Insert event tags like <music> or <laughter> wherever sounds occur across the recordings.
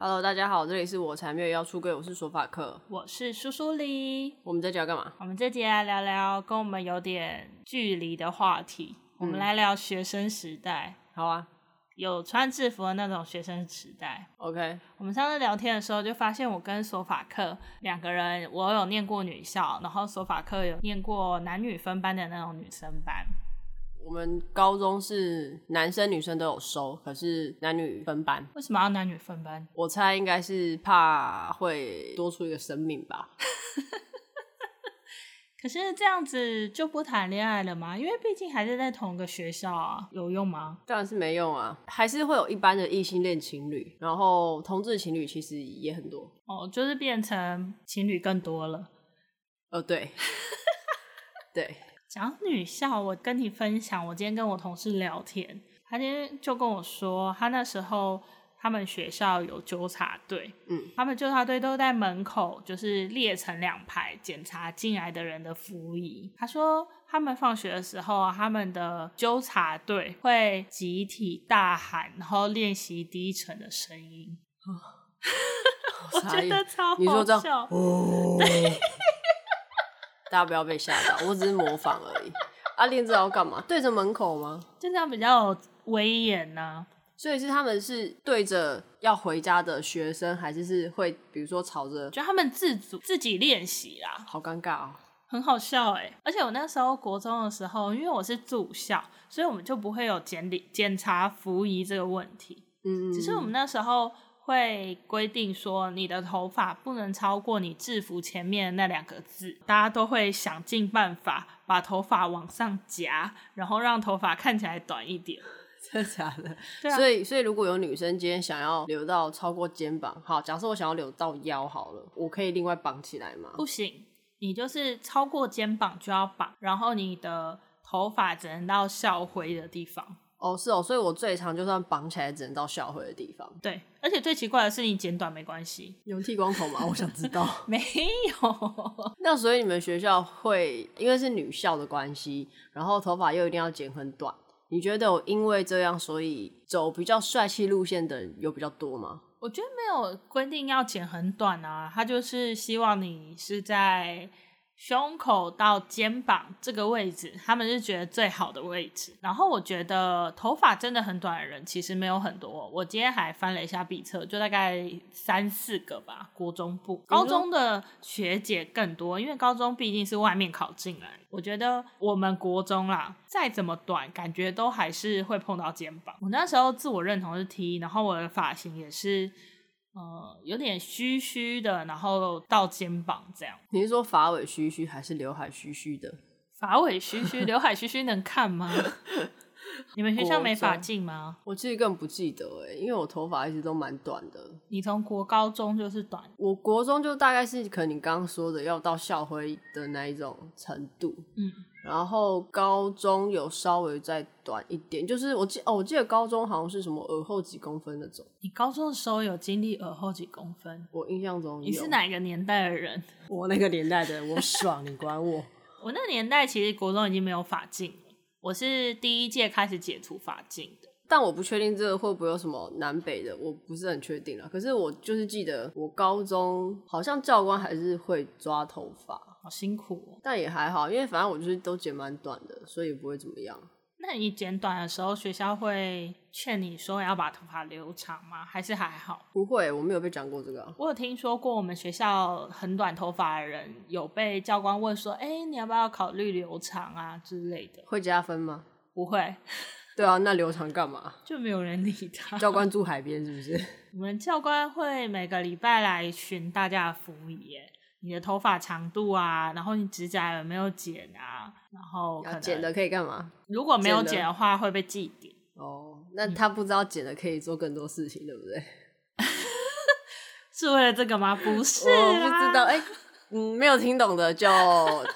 Hello，大家好，這裡是我才沒有要出櫃，我是索法克，我是蘇蘇麗，我們這集要幹嘛？我們這集來聊聊跟我們有點距離的話題。嗯，我們來聊學生時代，好啊，有穿制服的那種學生時代，OK。我們上次聊天的時候就發現，我跟索法克兩個人，我有念過女校，然後索法克有念過男女分班的那種女生班。我們高中是男生女生都有收，可是男女分班。為什麼要男女分班？我猜應該是怕會多出一個生命吧。 <laughs> 可是這樣子就不談戀愛了嗎？因為畢竟還是在同一個學校啊，有用嗎？當然是沒用啊，還是會有一般的異性戀情侶，然後同志情侶其實也很多。哦，就是變成情侶更多了。哦，對， <laughs> 對。講女校，我跟你分享，我今天跟我同事聊天，他今天就跟我說，他那時候他們學校有糾察隊，嗯，他們糾察隊都在門口就是列成兩排檢查進來的人的服儀。他說他們放學的時候，他們的糾察隊會集體大喊，然後練習低沉的聲音。 <laughs> 我覺得超好笑。大家不要被嚇到，我只是模仿而已。 <laughs> 啊練這要幹嘛？對着門口嗎？就這樣比較有威嚴吶。所以是他們是對着要回家的學生，還是是會比如說朝着？就他們自主自己練習啦。好尷尬啊，很好笑哎、欸。而且我那時候國中的時候，因為我是住校，所以我們就不會有檢理檢查服儀這個問題。嗯，嗯，只是我們那時候。會規定說你的頭髮不能超過你制服前面那兩個字，大家都會想盡辦法把頭髮往上夾，然後讓頭髮看起來短一點。真的假的？ <laughs> 對啊。所以，所以如果有女生今天想要留到超過肩膀，好，假設我想要留到腰好了，我可以另外綁起來嗎？不行，你就是超過肩膀就要綁，然後你的頭髮只能到校徽的地方。哦，是哦，所以我最長就算綁起來，只能到校徽的地方。對，而且最奇怪的是，你剪短沒關係。有剃光頭嗎？我想知道。 <laughs> 沒有。那所以你們學校會因為是女校的關係，然後頭髮又一定要剪很短。你覺得我因為這樣，所以走比較帥氣路線的人有比較多嗎？我覺得沒有規定要剪很短啊，他就是希望你是在。胸口到肩膀這個位置，他們是覺得最好的位置。然後我覺得頭髮真的很短的人其實沒有很多，我今天還翻了一下畢冊，就大概三四個吧，國中部。高中的學姐更多，因為高中畢竟是外面考進來。我覺得我們國中啦，再怎麼短，感覺都還是會碰到肩膀。我那時候自我認同是 T，然後我的髮型也是。呃、嗯，有點虛虛的，然後到肩膀這樣。你是說髮尾虛虛還是劉海虛虛的？髮尾虛虛，劉海虛虛能看嗎？ <laughs> 你們學校沒髮禁嗎？我其實根本不記得哎，因為我頭髮一直都蠻短的。你從國高中就是短？我國中就大概是，可能你剛剛說的要到校徽的那一種程度。嗯。然後高中有稍微再短一點，就是我記哦，我記得高中好像是什麼耳後幾公分那種。你高中的時候有經歷耳後幾公分？我印象中有。你是哪個年代的人？我那個年代的，我爽， <laughs> 你管我！我那個年代其實國中已經沒有髮禁，我是第一屆開始解除髮禁的。但我不確定這個會不會有什麼南北的，我不是很確定啦。可是我就是記得我高中好像教官還是會抓頭髮。辛苦，哦，但也還好，因為反正我就是都剪蠻短的，所以不會怎麼樣。那你剪短的時候，學校會勸你說要把頭髮留長嗎？還是還好？不會，我沒有被講過這個啊。我有聽說過，我們學校很短頭髮的人有被教官問說：“哎，欸，你要不要考慮留長啊？”之類的。會加分嗎？不會。 <laughs> 對啊，那留長幹嘛？就沒有人理他。教官住海邊是不是？ <laughs> 我們教官會每個禮拜來巡大家的服儀。你的頭髮長度啊，然後你指甲有沒有剪啊？然後剪了可以幹嘛？如果沒有剪的話會被記點哦。那他不知道剪了可、嗯、可以做更多事情，對不對？ <laughs> 是為了這個嗎？不是、啊，我不知道。哎、欸，嗯，沒有聽懂的就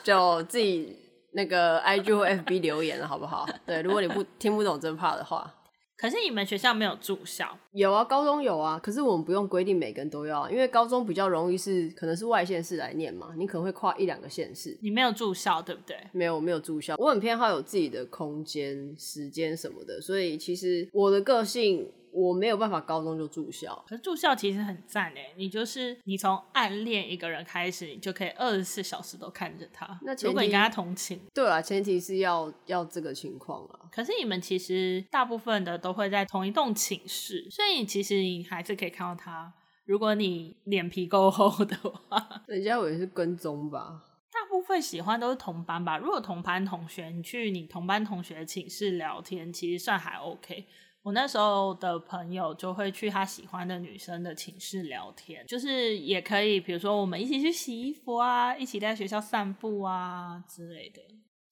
就自己那個 IG 或 FB 留言了， <laughs> 好不好？對，如果你不聽不懂真怕的話。可是你們學校沒有住校？有啊，高中有啊。可是我們不用規定每個人都要，因為高中比較容易是可能是外縣市來念嘛，你可能會跨一兩個縣市，你沒有住校對不對？沒有，我沒有住校，我很偏好有自己的空間、時間什麼的，所以其實我的個性。我沒有辦法，高中就住校。可是住校其實很讚誒，你就是你從暗戀一個人開始，你就可以二十四小時都看着他。那如果你跟他同寢？對啊，前提是要要這個情況啊。可是你們其實大部分的都會在同一棟寢室，所以其實你還是可以看到他。如果你臉皮夠厚的話，等一下我也是跟蹤吧。大部分喜歡都是同班吧。如果同班同學，你去你同班同學寢室聊天，其實算還 OK。我那時候的朋友就會去他喜歡的女生的寢室聊天，就是也可以，譬如說我們一起去洗衣服啊，一起在學校散步啊之類的。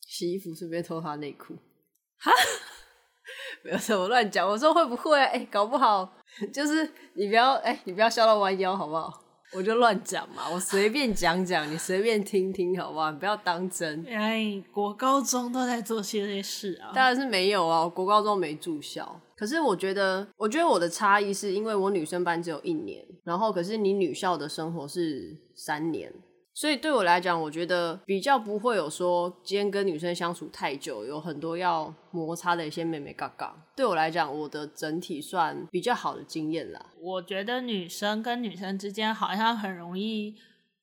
洗衣服順便偷他內褲？哈，沒有，我亂講。我說會不會、啊？哎、欸，搞不好就是你不要哎、欸，你不要笑到彎腰好不好？我就亂講嘛，我隨便講講， <laughs> 你隨便聽聽好不好？你不要當真。哎、欸，國高中都在做這些事啊？當然是沒有啊，我國高中沒住校。可是我覺得，我覺得我的差異是因為我女生班只有一年，然後可是你女校的生活是三年，所以對我來講，我覺得比較不會有說今天跟女生相處太久，有很多要摩擦的一些眉眉角角。對我來講，我的整體算比較好的經驗啦。我覺得女生跟女生之間好像很容易。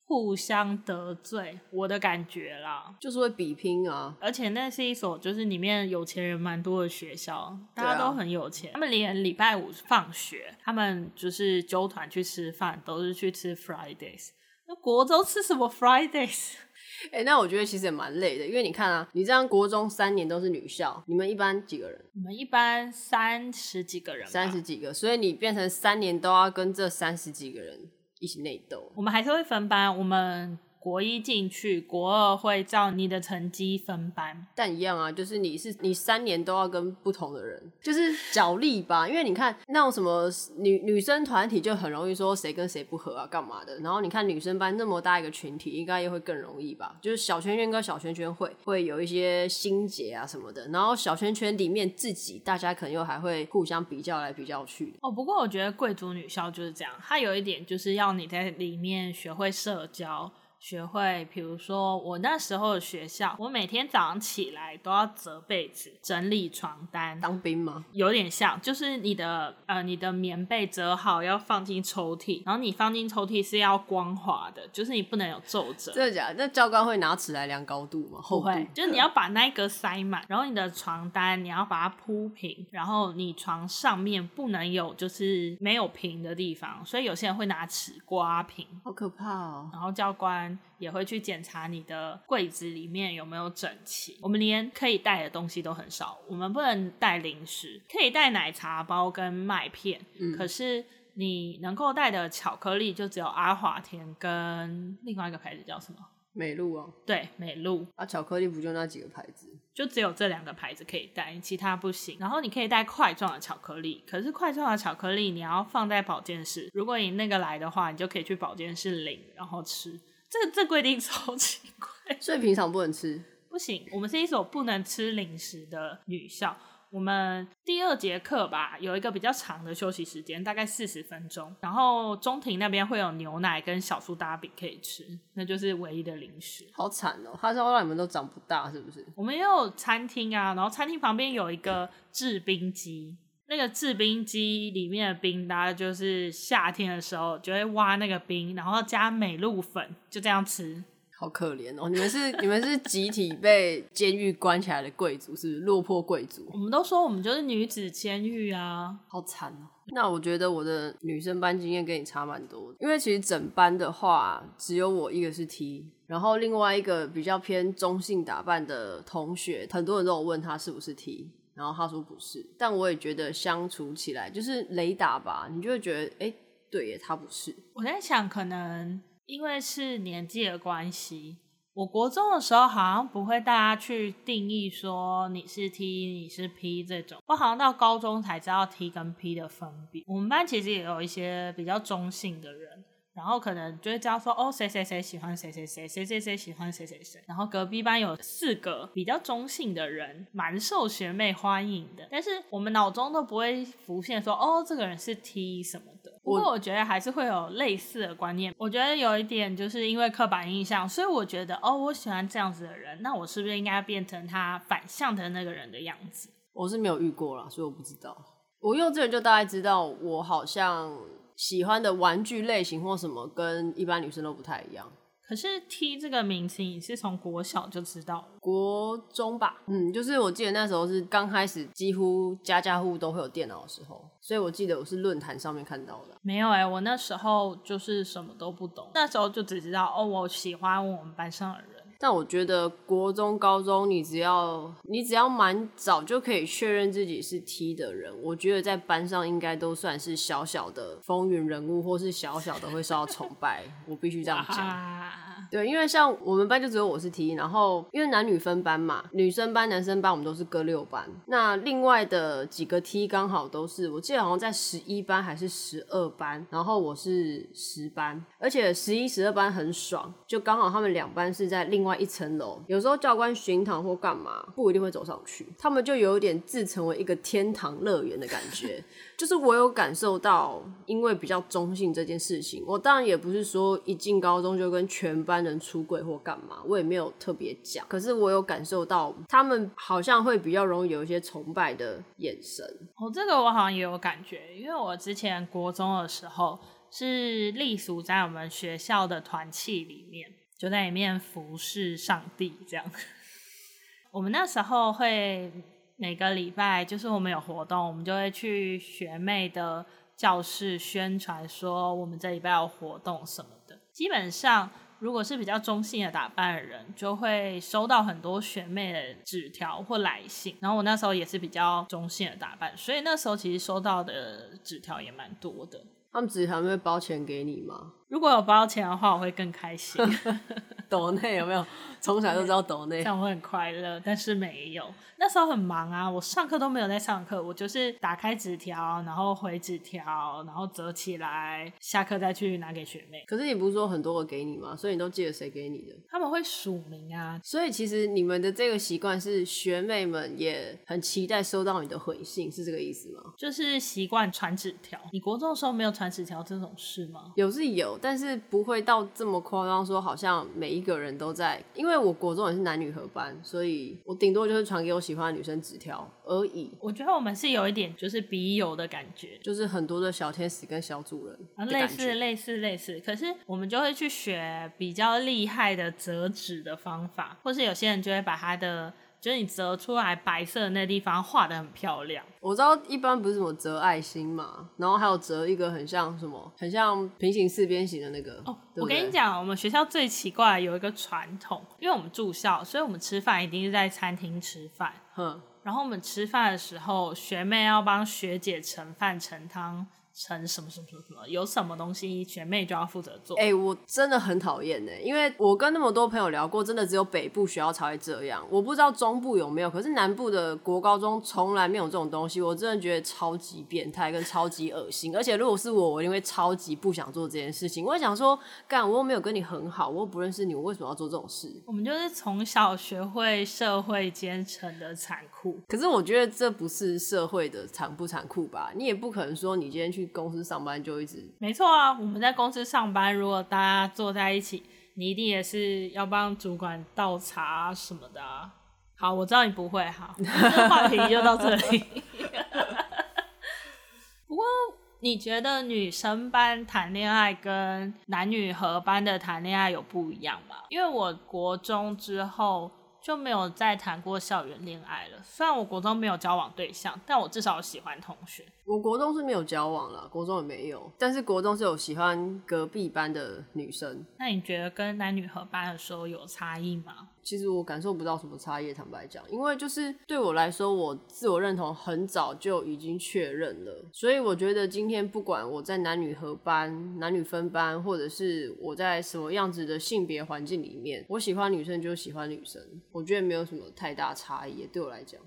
互相得罪，我的感覺啦，就是會比拼啊，而且那是一所，就是裡面有錢人蠻多的學校，啊，大家都很有錢。他們連禮拜五放學，他們就是揪團去吃飯，都是去吃 Fridays。那國中吃什麼 Fridays？哎、欸，那我覺得其實也蠻累的，因為你看啊，你這樣國中三年都是女校，你們一班幾個人？我們一班三十幾個人，三十幾個，所以你變成三年都要跟這三十幾個人一起內鬥，我們還是會分班。我們。國一進去，國二會照你的成績分班，但一樣啊，就是你是你三年都要跟不同的人，就是角力吧。因為你看那種什麼女女生團體就很容易說誰跟誰不合啊，幹嘛的。然後你看女生班那麼大一個群體，應該也會更容易吧。就是小圈圈跟小圈圈會會有一些心結啊什麼的。然後小圈圈裡面自己大家可能又還會互相比較來比較去。哦，不過我覺得貴族女校就是這樣，它有一點就是要你在裡面學會社交。學會，比如說我那時候的學校，我每天早上起來都要折被子，整理床單。當兵嗎？有點像，就是你的呃你的棉被折好要放進抽屜，然後你放進抽屜是要光滑的，就是你不能有皺褶。真的假的？那教官會拿尺來量高度嗎？厚度？不會，就是你要把那一格塞滿，然後你的床單你要把它鋪平，然後你床上面不能有就是沒有平的地方，所以有些人會拿尺刮平。好可怕哦！然後教官。也會去檢查你的櫃子裡面有沒有整齊。我們連可以帶的東西都很少，我們不能帶零食，可以帶奶茶包跟麥片。嗯，可是你能夠帶的巧克力就只有阿華田跟另外一個牌子叫什麼？美露哦？對，美露啊，巧克力不就那幾個牌子？就只有這兩個牌子可以帶，其他不行。然後你可以帶塊狀的巧克力，可是塊狀的巧克力你要放在保健室。如果你那個來的話，你就可以去保健室領，然後吃。這這規定超奇怪，所以平常不能吃，不行。我們是一所不能吃零食的女校。我們第二節課吧，有一個比較長的休息時間，大概四十分鐘。然後中庭那邊會有牛奶跟小蘇打餅可以吃，那就是唯一的零食。好慘哦，他說讓你們都長不大，是不是？我們也有餐廳啊，然後餐廳旁邊有一個制冰機。那個製冰機裡面的冰，大家就是夏天的時候就會挖那個冰，然後加美祿粉，就這樣吃。好可憐哦！你們是 <laughs> 你們是集體被監獄關起來的貴族是不是，是落魄貴族。我們都說我們就是女子監獄啊，好慘哦。那我覺得我的女生班經驗跟你差蠻多的，因為其實整班的話只有我一個是 T，然後另外一個比較偏中性打扮的同學，很多人都有問他是不是 T。然後他說不是，但我也覺得相處起來就是雷達吧，你就會覺得，誒，對耶，他不是。我在想，可能因為是年紀的關係，我國中的時候好像不會大家去定義說你是 T 你是 P 這種，我好像到高中才知道 T 跟 P 的分別。我們班其實也有一些比較中性的人。然後可能就會知道說哦，誰誰誰喜歡誰誰誰，誰誰誰喜歡誰誰誰。然後隔壁班有四個比較中性的人，蠻受學妹歡迎的。但是我們腦中都不會浮現說哦，這個人是 T 什麼的。不過我覺得還是會有類似的觀念。我，我覺得有一點就是因為刻板印象，所以我覺得哦，我喜歡這樣子的人，那我是不是應該變成他反向的那個人的樣子？我是沒有遇過啦，所以我不知道。我幼稚園就大概知道，我好像。喜歡的玩具類型或什麼跟一般女生都不太一樣。可是 T 這個名詞，你是從國小就知道？國中吧，嗯，就是我記得那時候是剛開始幾乎家家戶戶都會有電腦的時候，所以我記得我是論壇上面看到的。嗯、沒有哎、欸，我那時候就是什麼都不懂，那時候就只知道哦，我喜歡我們班上的人。但我覺得國中、高中你，你只要你只要蠻早就可以確認自己是 T 的人，我覺得在班上應該都算是小小的風雲人物，或是小小的會受到崇拜。 <laughs> 我必須這樣講。Wow. 對，因為像我們班就只有我是 T，然後因為男女分班嘛，女生班、男生班我們都是各六班。那另外的幾個 T 剛好都是，我記得好像在十一班還是十二班，然後我是十班，而且十一、十二班很爽，就剛好他們兩班是在另外一層樓，有時候教官巡堂或幹嘛不一定會走上去，他們就有點自成為一個天堂樂園的感覺。 <laughs> 就是我有感受到，因為比較中性這件事情，我當然也不是說一進高中就跟全班。能出櫃或幹嘛，我也沒有特別講。可是我有感受到，他們好像會比較容易有一些崇拜的眼神。哦，這個我好像也有感覺，因為我之前國中的時候是隸屬在我們學校的團契裡面，就在裡面服侍上帝這樣。我們那時候會每個禮拜，就是我們有活動，我們就會去學妹的教室宣傳，說我們這禮拜有活動什麼的。基本上。如果是比較中性的打扮的人，就會收到很多學妹的紙條或來信。然後我那時候也是比較中性的打扮，所以那時候其實收到的紙條也蠻多的。他們紙條會包錢給你嗎？如果有包錢的話，我會更開心。抖內有沒有？從小就知道抖內。這樣會很快樂，但是沒有。那時候很忙啊，我上課都沒有在上課，我就是打開紙條，然後回紙條，然後折起來，下課再去拿給學妹。可是你不是說很多個給你嗎？所以你都記得誰給你的？他們會署名啊。所以其實你們的這個習慣是學妹們也很期待收到你的回信，是這個意思嗎？就是習慣傳紙條。你國中的時候沒有傳紙條這種事嗎？有是有。但是不會到這麼誇張，說好像每一個人都在。因為我國中也是男女合班，所以我頂多就是傳給我喜歡的女生紙條而已。我覺得我們是有一點就是筆友的感覺，就是很多的小天使跟小主人，啊，類似類似類似。可是我們就會去學比較厲害的折紙的方法，或是有些人就會把他的。就是你折出來白色的那地方畫得很漂亮。我知道一般不是什麼折愛心嘛，然後還有折一個很像什麼，很像平行四邊形的那個。哦對對，我跟你講，我們學校最奇怪有一個傳統，因為我們住校，所以我們吃飯一定是在餐廳吃飯。嗯，然後我們吃飯的時候，學妹要幫學姐盛飯盛湯。成什麼什麼什麼？有什麼東西學妹就要負責做？哎、欸，我真的很討厭呢，因為我跟那麼多朋友聊過，真的只有北部學校才會這樣。我不知道中部有沒有，可是南部的國高中從來沒有這種東西。我真的覺得超級變態跟超級噁心。 <laughs> 而且如果是我，我因為超級不想做這件事情。我想說，幹我又沒有跟你很好，我又不認識你，我為什麼要做這種事？我們就是從小學會社會階層的殘酷。可是我覺得這不是社會的殘不殘酷吧？你也不可能說你今天去。公司上班就一直沒錯啊！我們在公司上班，如果大家坐在一起，你一定也是要幫主管倒茶、啊、什麼的、啊。好，我知道你不會哈。這個 <laughs> 話題就到這裡。 <laughs> <laughs> 不過，你覺得女生班談戀愛跟男女合班的談戀愛有不一樣嗎？因為我國中之後。就沒有再談過校園戀愛了。雖然我國中沒有交往對象，但我至少我喜歡同學。我國中是沒有交往啦，國中也沒有，但是國中是有喜歡隔壁班的女生。那你覺得跟男女合班的時候有差異嗎？其實我感受不到什麼差異，坦白講，因為就是對我來說，我自我認同很早就已經確認了，所以我覺得今天不管我在男女合班、男女分班，或者是我在什麼樣子的性別環境裡面，我喜歡女生就喜歡女生，我覺得沒有什麼太大差異，對我來講。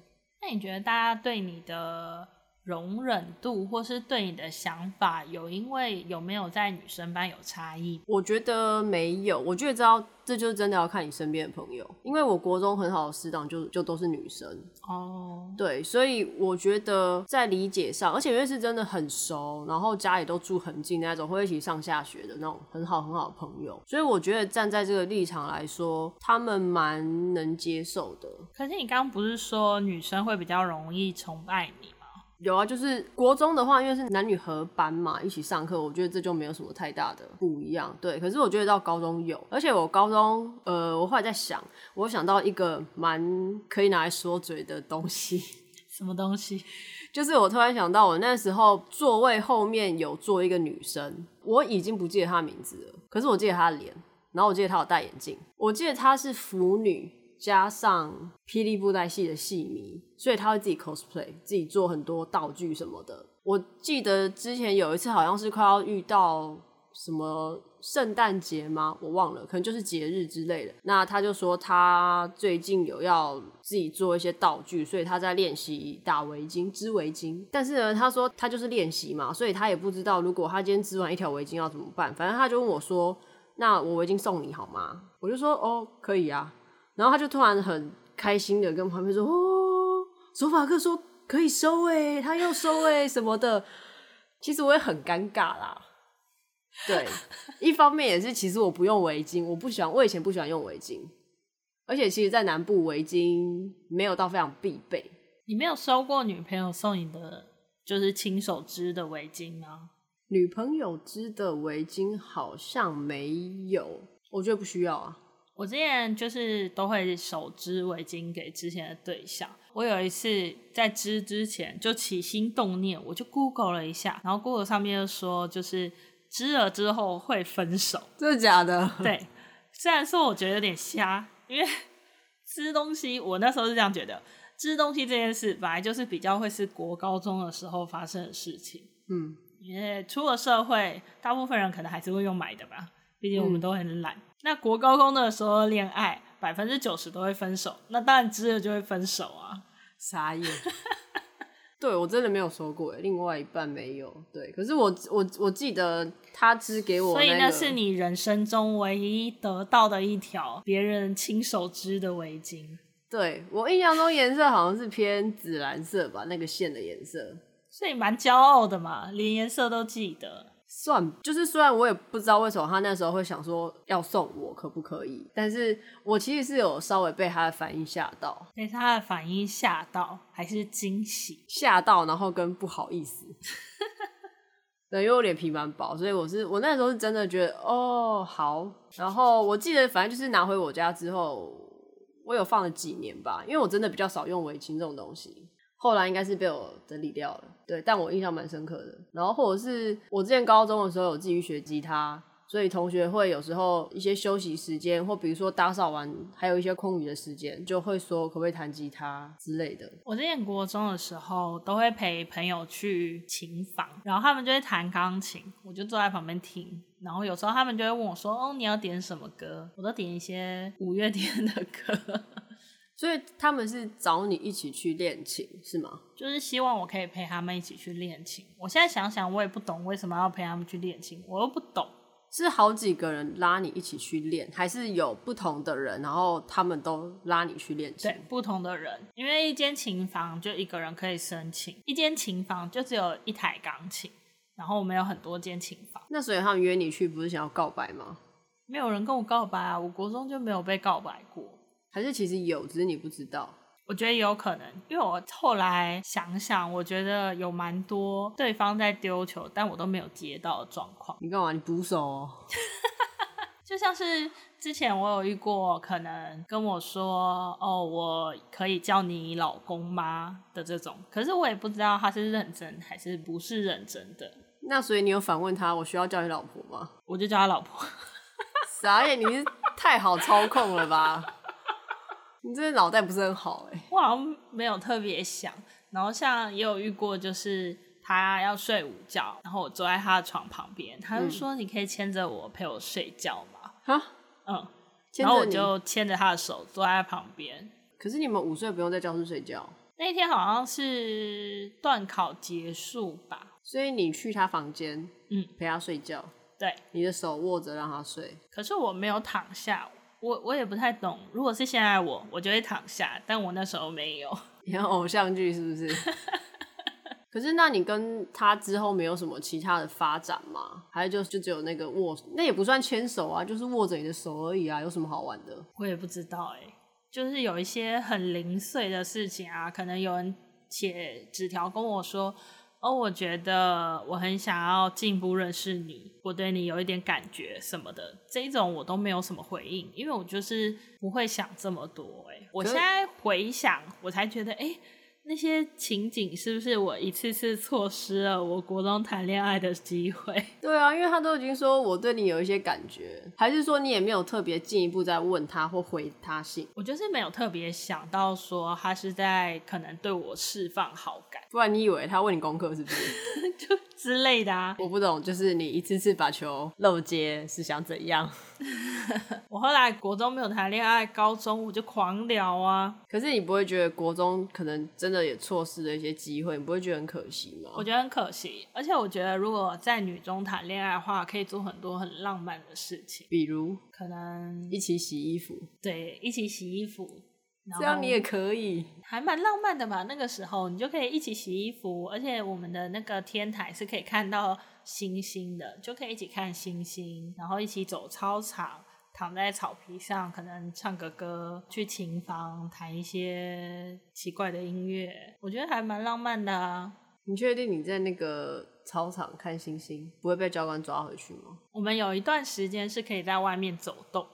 那你覺得大家對你的…容忍度，或是對你的想法有，因為有沒有在女生班有差異？我覺得沒有，我覺得知道，這就是真的要看你身邊的朋友。因為我國中很好的死黨就就都是女生哦，oh. 對，所以我覺得在理解上，而且因為是真的很熟，然後家裡都住很近那種，會一起上下學的那種很好很好的朋友，所以我覺得站在這個立場來說，他們蠻能接受的。可是你剛剛不是說女生會比較容易崇拜你？有啊，就是國中的話，因為是男女合班嘛，一起上課，我覺得這就沒有什麼太大的不一樣。對，可是我覺得到高中有，而且我高中，呃，我後來在想，我想到一個蠻可以拿來說嘴的東西。什麼東西？就是我突然想到，我那時候座位後面有坐一個女生，我已經不記得她的名字了，可是我記得她的臉，然後我記得她有戴眼鏡，我記得她是腐女。加上霹靂布袋戲的戲迷，所以他會自己 cosplay，自己做很多道具什麼的。我記得之前有一次，好像是快要遇到什麼聖誕節嗎？我忘了，可能就是節日之類的。那他就說他最近有要自己做一些道具，所以他在練習打圍巾、織圍巾。但是呢，他說他就是練習嘛，所以他也不知道如果他今天織完一條圍巾要怎麼辦。反正他就問我說：“那我圍巾送你好嗎？”我就說：“哦，可以啊。”然後他就突然很開心的跟旁邊說：“哦，索法克說可以收哎，他要收哎什麼的。”其實我也很尷尬啦，對，一方面也是其實我不用圍巾，我不喜歡，我以前不喜歡用圍巾，而且其實，在南部圍巾沒有到非常必備。你沒有收過女朋友送你的就是親手織的圍巾嗎？女朋友織的圍巾好像沒有，我覺得不需要啊。我之前就是都會手織圍巾給之前的對象。我有一次在織之前就起心動念，我就 Google 了一下，然後 Google 上面就說，就是織了之後會分手，真的假的？對，雖然說我覺得有點瞎，因為織東西，我那時候是這樣覺得，織東西這件事本來就是比較會是國高中的時候發生的事情。嗯，因為出了社會，大部分人可能還是會用買的吧，畢竟我們都很懶。嗯。那國高中的時候，戀愛90，百分之九十都會分手。那當然織了就會分手啊，傻眼。 <laughs> 對，我真的沒有說過，另外一半沒有。對，可是我我我記得他織給我，那個，所以那是你人生中唯一得到的一條別人親手織的圍巾。對，我印象中顏色好像是偏紫藍色吧，那個線的顏色。所以蠻驕傲的嘛，連顏色都記得。算，就是雖然我也不知道為什麼他那時候會想說要送我可不可以，但是我其實是有稍微被他的反應嚇到，被他的反應嚇到還是驚喜？嚇到，然後跟不好意思。 <laughs> 對，因為我臉皮蠻薄，所以我是我那時候是真的覺得哦好，然後我記得反正就是拿回我家之後，我有放了幾年吧，因為我真的比較少用圍巾這種東西。後來應該是被我整理掉了，對，但我印象蠻深刻的。然後或者是我之前高中的時候有自己學吉他，所以同學會有時候一些休息時間，或比如說打掃完還有一些空餘的時間，就會說可不可以彈吉他之類的。我之前國中的時候都會陪朋友去琴房，然後他們就會彈鋼琴，我就坐在旁邊聽。然後有時候他們就會問我說：“哦，你要點什麼歌？”我都點一些五月天的歌。所以他們是找你一起去練琴，是嗎？就是希望我可以陪他們一起去練琴。我現在想想，我也不懂為什麼要陪他們去練琴，我又不懂。是好幾個人拉你一起去練，還是有不同的人，然後他們都拉你去練琴？對，不同的人，因為一間琴房就一個人可以申請，一間琴房就只有一台鋼琴，然後我們有很多間琴房。那所以他們約你去，不是想要告白嗎？沒有人跟我告白啊，我國中就沒有被告白過。還是其實有，只是你不知道。我覺得有可能，因為我後來想想，我覺得有蠻多對方在丟球，但我都沒有接到的狀況。你幹嘛？你捕手、哦？ <laughs> 就像是之前我有遇過，可能跟我說：“哦，我可以叫你老公嗎？”的這種，可是我也不知道他是認真還是不是認真的。那所以你有反問他：“我需要叫你老婆嗎？”我就叫他老婆。 <laughs> 傻眼、欸、你是太好操控了吧？ <laughs> 你這腦袋不是很好，哎、欸,我好像沒有特別想，然後像也有遇過，就是他要睡午覺，然後我坐在他的床旁邊，他就說，你可以牽着我陪我睡覺嗎？哈。嗯，然後我就牽着他的手坐在旁邊。可是你們午睡不用在教室睡覺？那天好像是段考結束吧，所以你去他房間，嗯，陪他睡覺、嗯，對，你的手握着讓他睡，可是我沒有躺下。我我也不太懂，如果是現在我，我就會躺下，但我那時候沒有。演偶像劇是不是？ <laughs> 可是那你跟他之後沒有什麼其他的發展嗎？還有就就只有那個握，那也不算牽手啊，就是握着你的手而已啊，有什麼好玩的？我也不知道哎、欸，就是有一些很零碎的事情啊，可能有人寫紙條跟我說。哦，我覺得我很想要進一步認識你，我對你有一點感覺什麼的，這一種我都沒有什麼回應，因為我就是不會想這麼多。欸，我現在回想，我才覺得誒、欸那些情景是不是我一次次錯失了我國中談戀愛的機會？對啊，因為他都已經說我對你有一些感覺，還是說你也沒有特別進一步再問他或回他信？我就是沒有特別想到說他是在可能對我釋放好感，不然你以為他問你功課是不是？ <laughs> 之類的啊，我不懂，就是你一次次把球漏接是想怎樣？ <laughs> <laughs> 我後來國中沒有談戀愛，高中我就狂聊啊。可是你不會覺得國中可能真的也錯失了一些機會，你不會覺得很可惜嗎？我覺得很可惜，而且我覺得如果在女中談戀愛的話，可以做很多很浪漫的事情，比如可能一起洗衣服。對，一起洗衣服。這樣你也可以，還蠻浪漫的嘛，那個時候你就可以一起洗衣服，而且我們的那個天台是可以看到星星的，就可以一起看星星，然後一起走操場，躺在草皮上，可能唱個歌，去琴房彈一些奇怪的音樂，我覺得還蠻浪漫的啊。你確定你在那個操場看星星不會被教官抓回去嗎？我們有一段時間是可以在外面走動。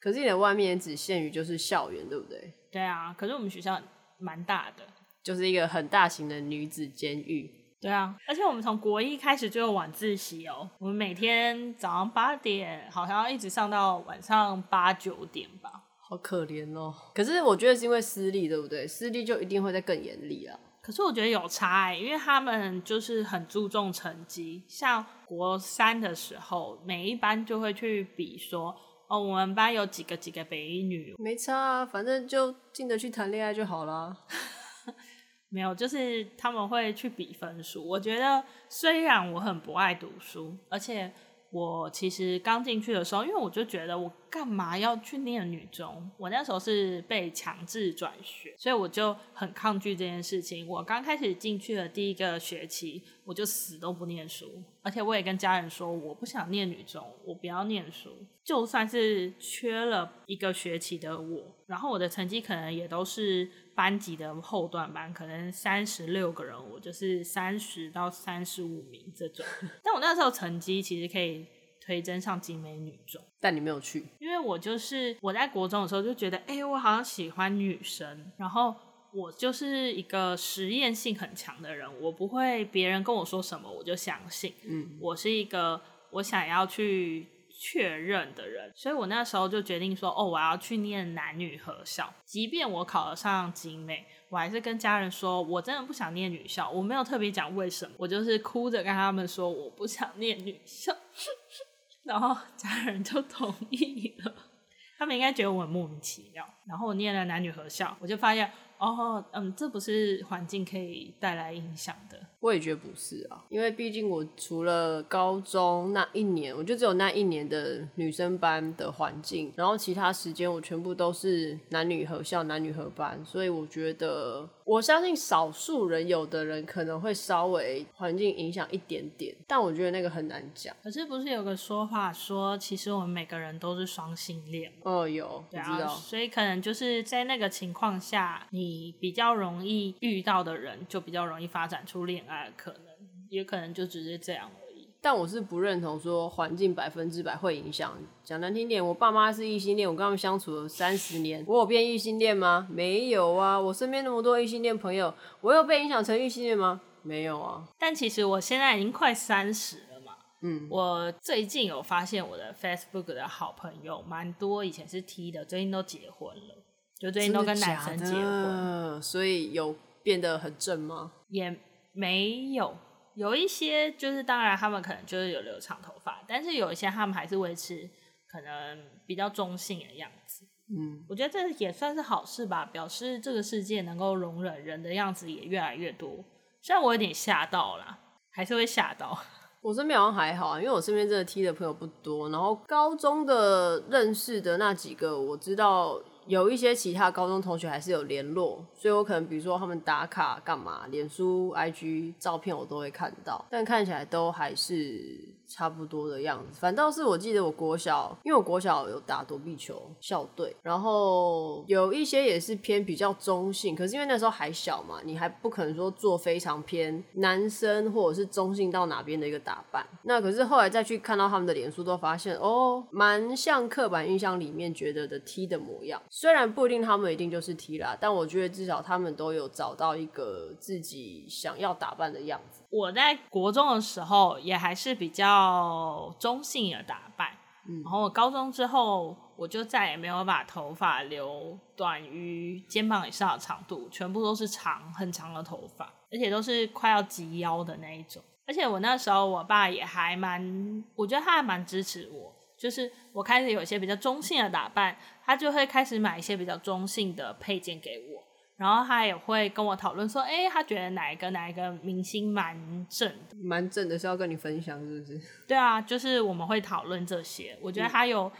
可是你的外面也只限於就是校園，對不對？對啊，可是我們學校蠻大的，就是一個很大型的女子監獄。對啊，而且我們從國一開始就有晚自習哦，我們每天早上八點好像一直上到晚上八九點吧，好可憐哦。可是我覺得是因為私立，對不對？私立就一定會再更嚴厲啊。可是我覺得有差哎，因為他們就是很注重成績，像國三的時候，每一班就會去比說，哦、oh，我們班有幾個幾個北女。沒差啊，反正就進得去，談戀愛就好了。 <laughs> 沒有，就是他們會去比分數。我覺得雖然我很不愛讀書，而且。我其實剛進去的時候，因為我就覺得我幹嘛要去念女中。我那時候是被強制轉學，所以我就很抗拒這件事情。我剛開始進去的第一個學期，我就死都不念書，而且我也跟家人說我不想念女中，我不要念書，就算是缺了一個學期的我，然後我的成績可能也都是。班級的後段班，可能三十六個人，我就是三十到三十五名這種。但我那時候成績其實可以推甄上景美女中，但你沒有去，因為我就是我在國中的時候就覺得，哎、欸，我好像喜歡女生，然後我就是一個實驗性很強的人，我不會別人跟我說什麼我就相信，嗯，我是一個我想要去。確認的人，所以我那時候就決定說，哦，我要去唸男女合校。即便我考得上景美，我還是跟家人說，我真的不想念女校。我沒有特別講為什麼，我就是哭着跟他們說，我不想念女校。 <laughs> 然後家人就同意了，他們應該覺得我很莫名其妙。然後我念了男女合校，我就發現哦，嗯，這不是環境可以帶來影響的。我也覺得不是啊，因為畢竟我除了高中那一年，我就只有那一年的女生班的環境，然後其他時間我全部都是男女合校、男女合班，所以我覺得我相信少數人，有的人可能會稍微環境影響一點點，但我覺得那個很難講。可是不是有個說法說，其實我們每個人都是雙性戀？哦、嗯，有，我知道。對啊，所以可能。就是在那個情況下，你比較容易遇到的人，就比較容易發展出戀愛的可能，也可能就只是這樣而已。但我是不認同說環境百分之百會影響。講難聽點，我爸媽是異性戀，我跟他們相處了三十年，我有變異性戀嗎？沒有啊。我身邊那麼多異性戀朋友，我有被影響成異性戀嗎？沒有啊。但其實我現在已經快三十。嗯，我最近有發現我的 Facebook 的好朋友蠻多，以前是 T 的，最近都結婚了，就最近都跟男生結婚，真的假的？所以有變得很正嗎？也沒有，有一些就是當然他們可能就是有留長頭髮，但是有一些他們還是維持可能比較中性的樣子。嗯，我覺得這也算是好事吧，表示這個世界能夠容忍人的樣子也越來越多。雖然我有點嚇到了，還是會嚇到。我身邊好像還好啊，因為我身邊真的 T 的朋友不多。然後高中的認識的那幾個，我知道有一些其他高中同學還是有聯絡，所以我可能比如說他們打卡幹嘛，臉書、IG 照片，我都會看到，但看起來都還是。差不多的樣子，反倒是我記得我國小，因為我國小有打躲避球校隊，然後有一些也是偏比較中性，可是因為那時候還小嘛，你還不可能說做非常偏男生或者是中性到哪邊的一個打扮。那可是後來再去看到他們的臉書都發現，哦，蠻像刻板印象裡面覺得的 T 的模樣。雖然不一定他們一定就是 T 啦，但我覺得至少他們都有找到一個自己想要打扮的樣子。我在國中的時候也還是比較中性的打扮，嗯，然後高中之後我就再也沒有把頭髮留短於肩膀以上的長度，全部都是長很長的頭髮，而且都是快要及腰的那一種。而且我那時候我爸也還蠻，我覺得他還蠻支持我，就是我開始有一些比較中性的打扮，他就會開始買一些比較中性的配件給我。然後他也會跟我討論說，哎，他覺得哪一個哪一個明星蠻正的，蠻正的是要跟你分享是不是？對啊，就是我們會討論這些。我覺得他有、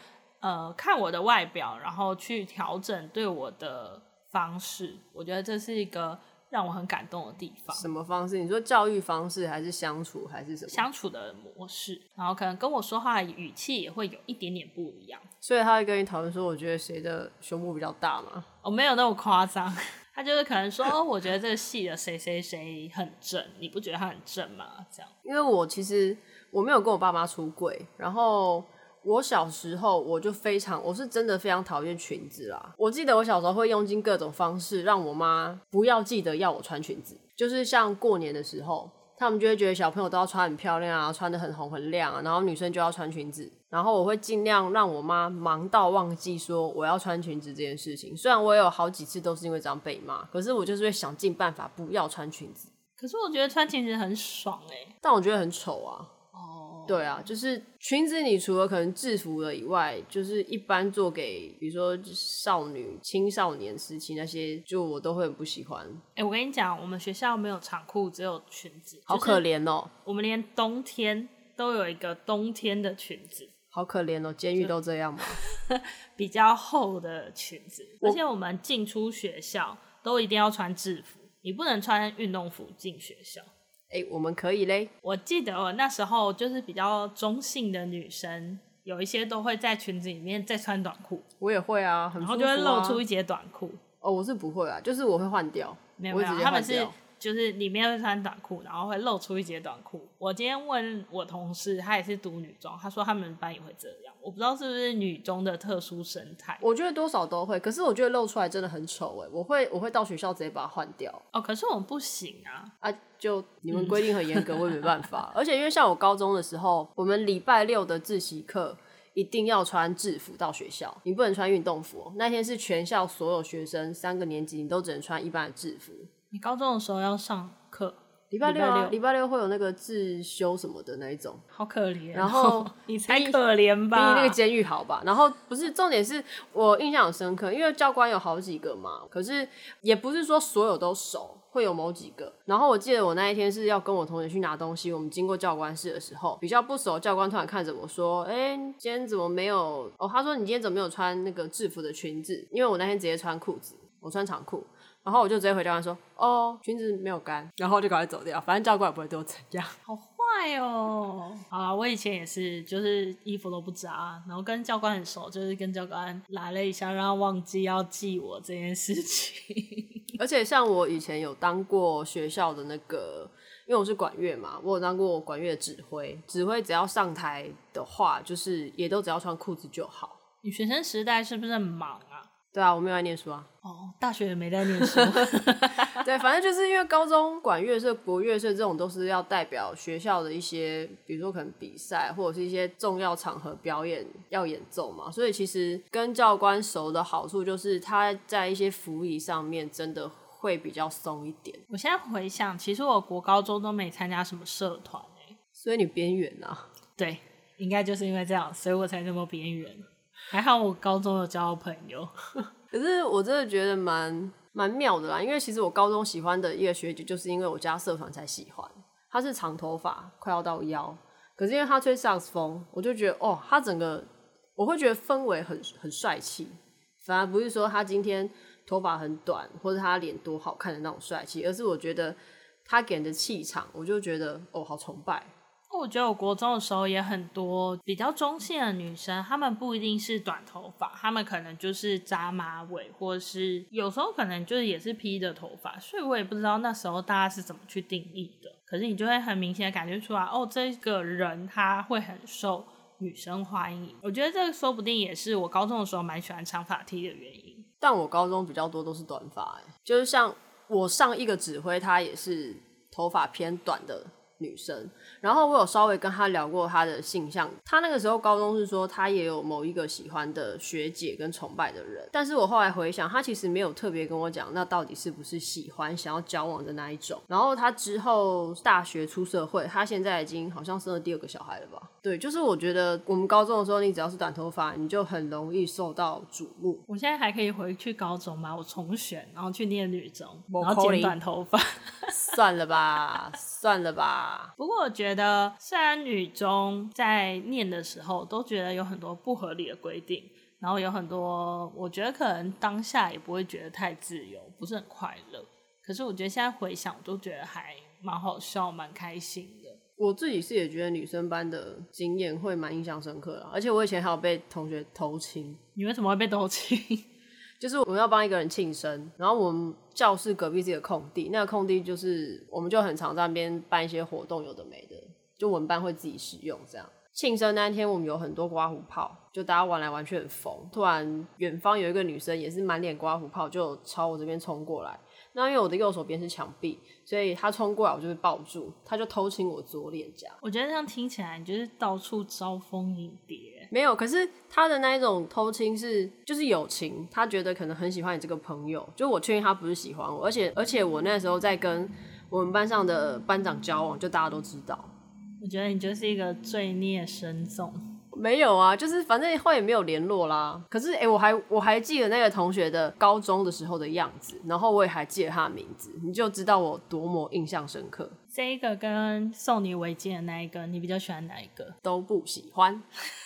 嗯，呃，看我的外表，然後去調整對我的方式。我覺得這是一個讓我很感動的地方。什麼方式？你說教育方式，還是相處，還是什麼相處的模式？然後可能跟我說話語氣也會有一點點不一樣。所以他會跟你討論說，我覺得誰的胸部比較大嗎？我、哦、沒有那麼誇張。他就是可能說，哦，我覺得這個戲的誰誰誰很正，你不覺得他很正嗎？這樣，因為我其實我沒有跟我爸媽出櫃，然後我小時候我就非常，我是真的非常討厭裙子啦。我記得我小時候會用盡各種方式讓我媽不要記得要我穿裙子，就是像過年的時候，他們就會覺得小朋友都要穿很漂亮啊，穿得很紅很亮啊，然後女生就要穿裙子。然後我會盡量讓我媽忙到忘記說我要穿裙子這件事情。雖然我也有好幾次都是因為這樣被罵，可是我就是會想盡辦法不要穿裙子。可是我覺得穿裙子很爽哎、欸，但我覺得很醜啊。哦、oh.，對啊，就是裙子，你除了可能制服了以外，就是一般做給比如說少女、青少年時期那些，就我都會很不喜歡。哎、欸，我跟你講，我們學校沒有長褲，只有裙子，好可憐哦。就是、我們連冬天都有一個冬天的裙子。好可憐哦，監獄都這樣嗎呵呵？比較厚的裙子，而且我們進出學校都一定要穿制服，你不能穿運動服進學校。哎、欸，我們可以嘞。我記得哦，那時候就是比較中性的女生，有一些都會在裙子裡面再穿短褲。我也會啊，很多啊，然後就會露出一截短褲。哦，我是不會啊，就是我會換掉，沒有沒有，我直接換掉他們是。就是裡面會穿短褲，然後會露出一截短褲。我今天問我同事，他也是讀女中，他說他們班也會這樣。我不知道是不是女中的特殊生態，我覺得多少都會。可是我覺得露出來真的很醜哎，我會我會到學校直接把它換掉。哦，可是我們不行啊啊。就你們規定很嚴格，嗯、我也沒辦法。 <laughs> 而且因為像我高中的時候，我們禮拜六的自習課一定要穿制服到學校，你不能穿運動服。那天是全校所有學生三個年級，你都只能穿一般的制服。你高中的時候要上課，禮拜六、啊、禮拜六會有那個自修什麼的那一種，好可憐喔。然後 <laughs> 你才可憐吧，比那個監獄好吧。然後不是，重點是我印象很深刻，因為教官有好幾個嘛，可是也不是說所有都熟，會有某幾個。然後我記得我那一天是要跟我同學去拿東西，我們經過教官室的時候，比較不熟，教官突然看着我說：“欸，你今天怎麼沒有？”哦，他說：“你今天怎麼沒有穿那個制服的裙子？”因為我那天直接穿褲子，我穿長褲。然後我就直接回教官說：“哦，裙子沒有乾。”然後就趕快走掉，反正教官也不會對我怎樣。好壞哦！ <laughs> 好了，我以前也是，就是衣服都不扎，然後跟教官很熟，就是跟教官來了一下，讓他忘記要記我這件事情。而且像我以前有當過學校的那個，因為我是管樂嘛，我有當過管樂指揮。指揮只要上台的話，就是也都只要穿褲子就好。你學生時代是不是很忙？對啊，我沒有在念書啊。哦，大學也沒在念書。 <laughs> 對，反正就是因為高中管樂社、國樂社這種都是要代表學校的一些，比如說可能比賽或者是一些重要場合表演要演奏嘛，所以其實跟教官熟的好處就是他在一些服儀上面真的會比較鬆一點。我現在回想，其實我國高中都沒參加什麼社團欸，所以你邊緣啊？對，應該就是因為這樣，所以我才這麼邊緣。還好我高中有交到朋友，可是我真的覺得蠻蠻妙的啦。因為其實我高中喜歡的一個學姐，就是因為我加社團才喜歡。她是長頭髮快要到、到腰，可是因為她吹薩克斯風，我就覺得哦，她整個我會覺得氛圍很很帥氣，反而不是說她今天頭髮很短或者她臉多好看的那種帥氣，而是我覺得她給人的氣場，我就覺得哦，好崇拜。哦，我覺得我國中的時候也很多比較中性的女生，她們不一定是短頭髮，她們可能就是扎馬尾，或是有時候可能就是也是披着頭髮，所以我也不知道那時候大家是怎麼去定義的。可是你就會很明顯的感覺出來，哦，這個人他會很受女生歡迎。我覺得這個說不定也是我高中的時候蠻喜歡長髮 t 的原因。但我高中比較多都是短髮，欸，就是像我上一個指揮，他也是頭髮偏短的。女生，然後我有稍微跟她聊過她的性向，她那個時候高中是說她也有某一個喜歡的學姐跟崇拜的人，但是我後來回想，她其實沒有特別跟我講那到底是不是喜歡想要交往的那一種。然後她之後大學出社會，她現在已經好像生了第二個小孩了吧？對，就是我覺得我們高中的時候，你只要是短頭髮，你就很容易受到矚目。我現在還可以回去高中嗎？我重選，然後去念女中，然後剪短頭髮？頭髮 <laughs> 算了吧，算了吧。不過我覺得，雖然女中在念的時候都覺得有很多不合理的規定，然後有很多我覺得可能當下也不會覺得太自由，不是很快樂。可是我覺得現在回想，我都覺得還蠻好笑、蠻開心的。我自己是也覺得女生班的經驗會蠻印象深刻啊，而且我以前還有被同學偷親。你為什麼會被偷親？就是我們要幫一個人慶生，然後我們教室隔壁這個空地，那個空地就是我們就很常在那邊辦一些活動，有的沒的，就我們班會自己使用這樣。慶生那天，我們有很多刮鬍泡，就大家玩來玩去很瘋。突然，遠方有一個女生也是滿臉刮鬍泡，就朝我這邊衝過來。那因為我的右手邊是牆壁，所以她衝過來我就會抱住，她就偷親我左臉頰。我覺得這樣聽起來，你就是到處招蜂引蝶。沒有，可是他的那一種偷親是就是友情，他覺得可能很喜歡你這個朋友。就我確定他不是喜歡我，而且而且我那時候在跟我們班上的班長交往，就大家都知道。我覺得你就是一個罪孽的深重。沒有啊，就是反正後來也沒有聯絡啦。可是哎、欸，我還我還記得那個同學的高中的時候的樣子，然後我也還記得他的名字，你就知道我多麼印象深刻。這一個跟送你圍巾的那一個，你比較喜歡哪一個？都不喜歡。 <laughs>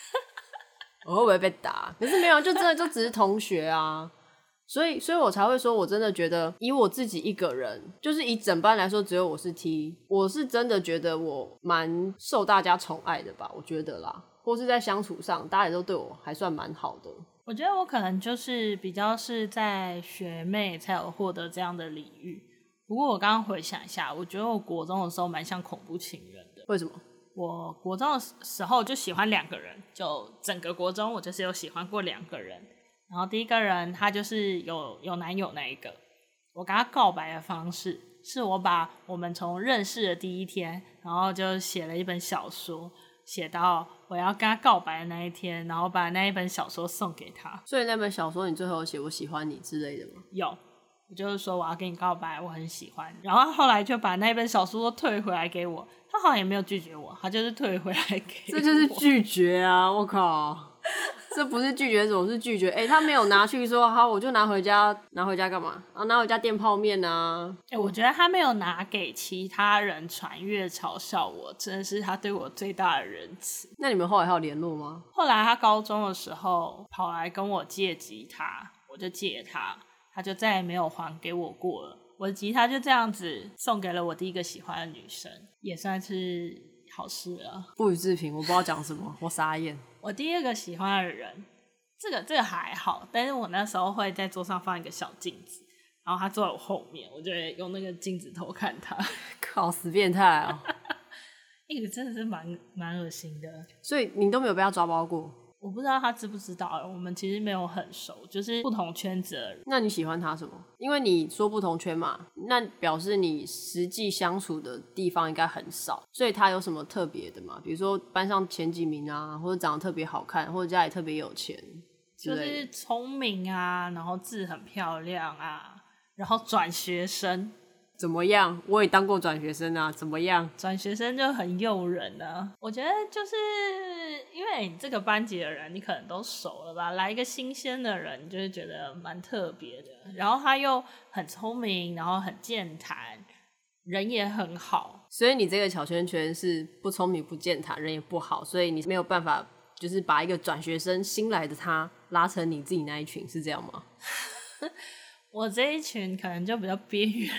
我會不會被打？可是沒有，就真的就只是同學啊， <laughs> 所以，所以我才會說，我真的覺得以我自己一個人，就是以整班來說，只有我是 T，我是真的覺得我蠻受大家寵愛的吧，我覺得啦，或是在相處上，大家也都對我還算蠻好的。我覺得我可能就是比較是在學妹才有獲得這樣的禮遇。不過我剛剛回想一下，我覺得我國中的時候蠻像恐怖情人的。為什麼？我國中的時候就喜歡兩個人，就整個國中我就是有喜歡過兩個人。然後第一個人他就是有有男友那一個，我跟他告白的方式是我把我們從認識的第一天，然後就寫了一本小說，寫到我要跟他告白的那一天，然後把那一本小說送給他。所以那本小說你最後寫我喜歡你之類的嗎？有。我就是說，我要跟你告白，我很喜歡。然後後來就把那本小說都退回來給我，他好像也沒有拒絕我，他就是退回來給我。這就是拒絕啊！我靠， <laughs> 這不是拒絕是什麼，怎麼是拒絕？哎、欸，他沒有拿去說，好，我就拿回家，拿回家幹嘛？啊，拿回家墊泡麵呢、啊。哎、欸，我覺得他沒有拿給其他人傳閱嘲笑我，真的是他對我最大的仁慈。那你們後來還有聯絡嗎？後來他高中的時候跑來跟我借吉他，我就借他。他就再也沒有還給我過了，我的吉他就這樣子送給了我第一個喜歡的女生，也算是好事了。不予置評，我不知道講什麼， <laughs> 我傻眼。我第二個喜歡的人，這個這個還好，但是我那時候會在桌上放一個小鏡子，然後他坐在我後面，我就會用那個鏡子偷看他，靠，死變態啊！那 <laughs> 個真的是蠻蠻噁心的，所以你都沒有被他抓包過。我不知道他知不知道，我們其實沒有很熟，就是不同圈子的人。那你喜歡他什麼？因為你說不同圈嘛，那表示你實際相處的地方應該很少，所以他有什麼特別的嗎？比如說班上前幾名啊，或者長得特別好看，或者家裡特別有錢，是就是聰明啊，然後字很漂亮啊，然後轉學生。怎麼樣？我也當過轉學生啊，怎麼樣？轉學生就很誘人呢、啊。我覺得就是因為你這個班級的人你可能都熟了吧，來一個新鮮的人，你就是覺得蠻特別的。然後他又很聰明，然後很健談，人也很好。所以你這個小圈圈是不聰明、不健談、人也不好，所以你沒有辦法，就是把一個轉學生新來的他拉成你自己那一群，是這樣嗎？ <laughs> 我這一群可能就比較邊緣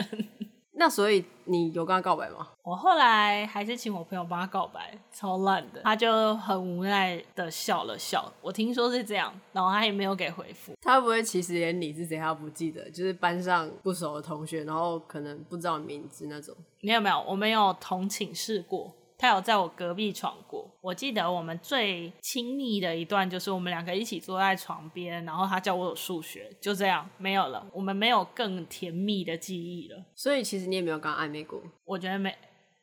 人，那所以你有跟他告白嗎？ <laughs> 我後來還是請我朋友幫他告白，超爛的，他就很無奈的笑了笑。我聽說是這樣，然後他也沒有給回覆。他不會其實連你是誰他都不記得，就是班上不熟的同學，然後可能不知道名字那種。你有沒有，我沒有同寢室過。他有在我隔壁床過，我記得我們最親密的一段就是我們兩個一起坐在床邊，然後他教我數學，就這樣沒有了，我們沒有更甜蜜的記憶了。所以其實你也沒有跟他曖昧過，我覺得沒，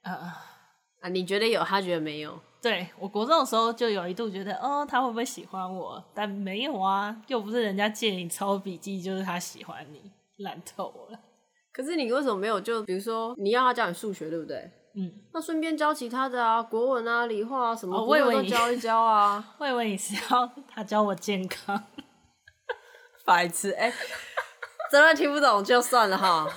呃啊，你覺得有，他覺得沒有。對，我國中的時候就有一度覺得，哦，他會不會喜歡我？但沒有啊，又不是人家借你抄筆記就是他喜歡你，爛透了。可是你為什麼沒有就比如說你要他教你數學，對不對？嗯，那順便教其他的啊，國文啊、理化啊什麼，我、哦、都教一教啊。我以為你是要他教我健康， <laughs> 白痴哎，真、欸、的 <laughs> 聽不懂就算了哈，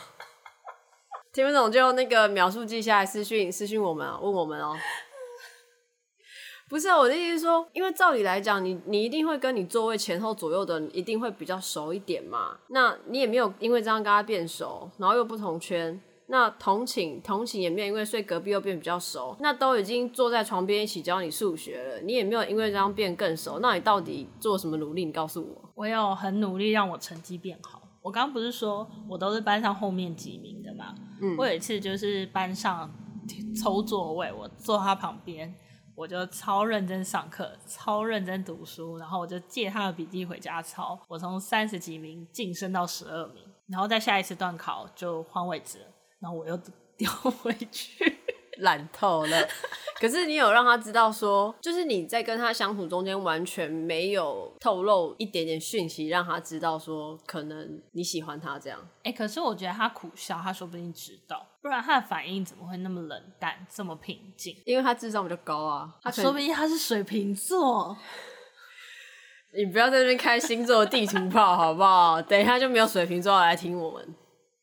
<laughs> 聽不懂就那個描述記下來私訊私訊我們啊、喔，問我們哦、喔。 <laughs> 不是、啊、我的意思是說，因為照理來講，你你一定會跟你座位前後左右的人一定會比較熟一點嘛。那你也沒有因為這樣跟他變熟，然後又不同圈。那同寢同寢也沒有因為睡隔壁又變比較熟。那都已經坐在床邊一起教你數學了，你也沒有因為這樣變更熟。那你到底做什麼努力？你告訴我。我有很努力讓我成績變好。我剛剛不是說我都是班上後面幾名的嘛，嗯。我有一次就是班上抽座位，我坐他旁邊，我就超認真上課，超認真讀書，然後我就借他的筆記回家抄。我從三十幾名晉升到十二名，然後再下一次段考就換位置了。然後我又掉回去，爛透了。 <laughs> 可是你有讓他知道說，就是你在跟他相處中間完全沒有透露一點點訊息，讓他知道說可能你喜歡他這樣？哎、欸，可是我覺得他苦笑，他說不定知道，不然他的反應怎麼會那麼冷淡，這麼平靜？因為他智商比較高啊，他說不定他是水瓶座。 <laughs> 你不要在那邊開星座的地圖炮好不好？ <laughs> 等一下就沒有水瓶座要來聽我們。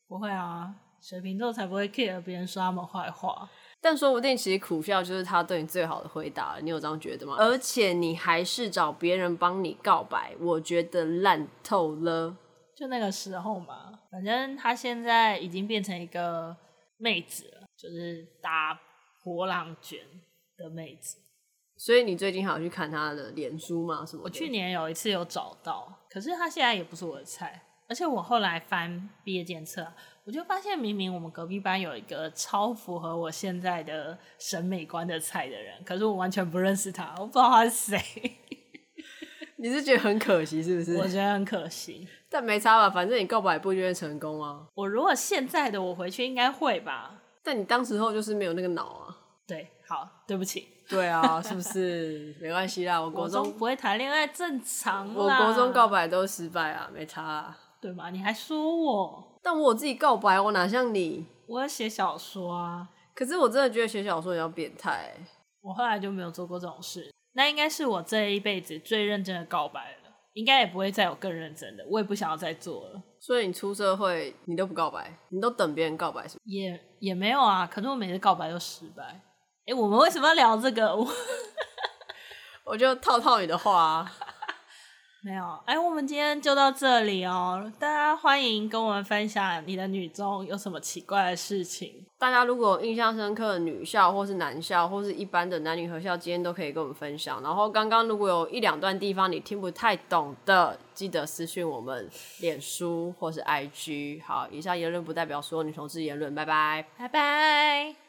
不會啊。水瓶座才不會 care 別人說他們壞話，但說不定其實苦笑就是他對你最好的回答了。你有這樣覺得嗎？而且你還是找別人幫你告白，我覺得爛透了。就那個時候嘛，反正他現在已經變成一個妹子了，就是打波浪捲的妹子。所以你最近還去看她的臉書嗎？什麼？我去年有一次有找到，可是他現在也不是我的菜，而且我後來翻畢業檢測。我就發現，明明我們隔壁班有一個超符合我現在的審美觀的菜的人，可是我完全不認識他，我不知道他是誰。 <laughs> 你是覺得很可惜，是不是？我覺得很可惜，但沒差吧？反正你告白不就會成功啊？我如果現在的我回去，應該會吧？但你當時候就是沒有那個腦啊？對，好，對不起。對啊，是不是？ <laughs> 沒關係啦，我國中我不會談戀愛正常。我國中告白都失敗啊，沒差啊，對嗎？你還說我？但我自己告白，我哪像你？我要寫小說啊，可是我真的覺得寫小說也要變態。我後來就沒有做過這種事，那應該是我這一輩子最認真的告白了，應該也不會再有更認真的，我也不想要再做了。所以你出社會，你都不告白，你都等別人告白是嗎？也也沒有啊，可是我每次告白都失敗。哎、欸，我們為什麼要聊這個？我 <laughs> 我就套套你的話、啊。 <laughs> 沒有，哎，我們今天就到這裡哦。大家歡迎跟我們分享你的女中有什麼奇怪的事情。大家如果有印象深刻的女校或是男校，或是一般的男女合校，今天都可以跟我們分享。然後，剛剛如果有一兩段地方你聽不太懂的，記得私訊我們臉書或是 IG。好，以上言論不代表所有女同志言論。拜拜，拜拜。